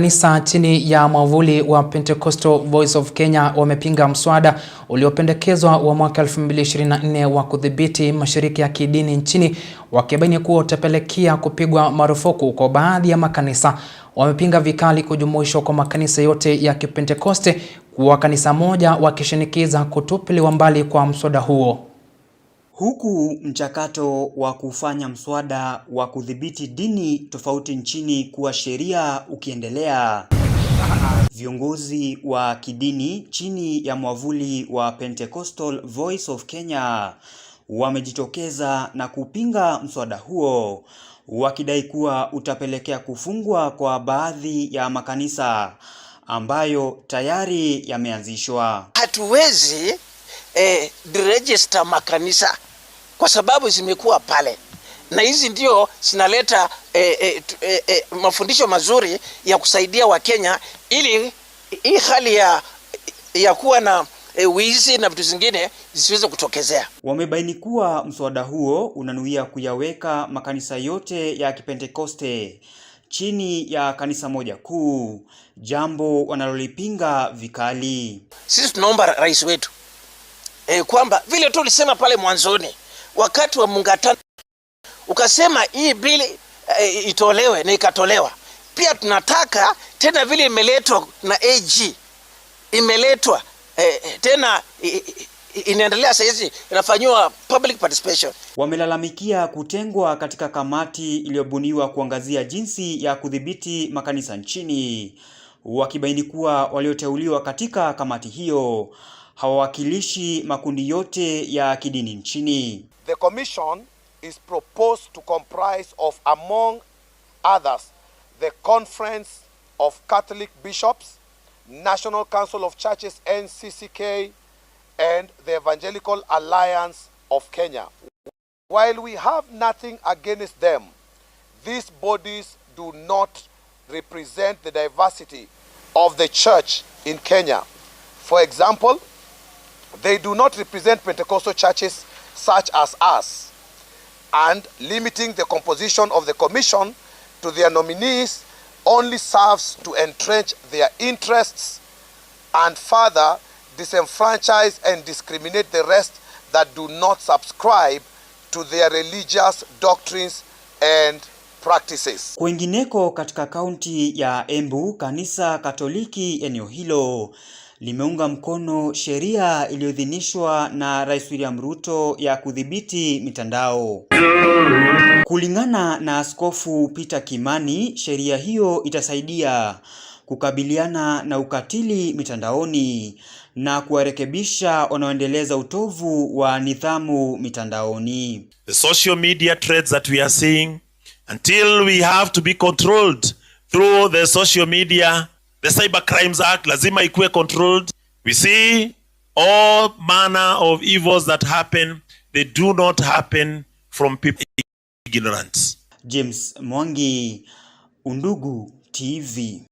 Kanisa chini ya mwavuli wa Pentecostal Voice of Kenya wamepinga mswada uliopendekezwa wa mwaka 2024 wa kudhibiti mashirika ya kidini nchini, wakibaini kuwa utapelekea kupigwa marufuku kwa baadhi ya makanisa. Wamepinga vikali kujumuishwa kwa makanisa yote ya Kipentekoste kuwa kanisa moja, wakishinikiza kutupiliwa mbali kwa mswada huo. Huku mchakato wa kufanya mswada wa kudhibiti dini tofauti nchini kuwa sheria ukiendelea, viongozi wa kidini chini ya mwavuli wa Pentecostal Voice of Kenya wamejitokeza na kupinga mswada huo wakidai kuwa utapelekea kufungwa kwa baadhi ya makanisa ambayo tayari yameanzishwa. Hatuwezi eh, register makanisa kwa sababu zimekuwa pale na hizi ndio zinaleta eh, eh, eh, eh, mafundisho mazuri ya kusaidia Wakenya ili hii hali ya, ya kuwa na E, wizi na vitu zingine zisiweze kutokezea. Wamebaini kuwa mswada huo unanuia kuyaweka makanisa yote ya Kipentekoste chini ya kanisa moja kuu, jambo wanalolipinga vikali. Sisi tunaomba rais wetu e, kwamba vile tu ulisema pale mwanzoni wakati wa mungatano ukasema hii bili e, eh, itolewe na ikatolewa. Pia tunataka tena vile imeletwa na AG imeletwa e, tena inaendelea sahizi inafanyiwa public participation. Wamelalamikia kutengwa katika kamati iliyobuniwa kuangazia jinsi ya kudhibiti makanisa nchini, wakibaini kuwa walioteuliwa katika kamati hiyo hawawakilishi makundi yote ya kidini nchini. The commission is proposed to comprise of among others the Conference of Catholic Bishops, National Council of Churches NCCK and the Evangelical Alliance of Kenya. While we have nothing against them, these bodies do not represent the diversity of the church in Kenya. For example, They do not represent Pentecostal churches such as us, and limiting the composition of the commission to their nominees only serves to entrench their interests and further disenfranchise and discriminate the rest that do not subscribe to their religious doctrines and practices. Kwingineko katika kaunti ya Embu, kanisa Katoliki eneo hilo limeunga mkono sheria iliyoidhinishwa na Rais William Ruto ya kudhibiti mitandao. Kulingana na Askofu Peter Kimani, sheria hiyo itasaidia kukabiliana na ukatili mitandaoni na kuwarekebisha wanaoendeleza utovu wa nidhamu mitandaoni. The social media threats that we are seeing until we have to be controlled through the social media the Cyber Crimes Act lazima ikuwe controlled. We see all manner of evils that happen, they do not happen from people ignorant. James Mwangi, Undugu TV.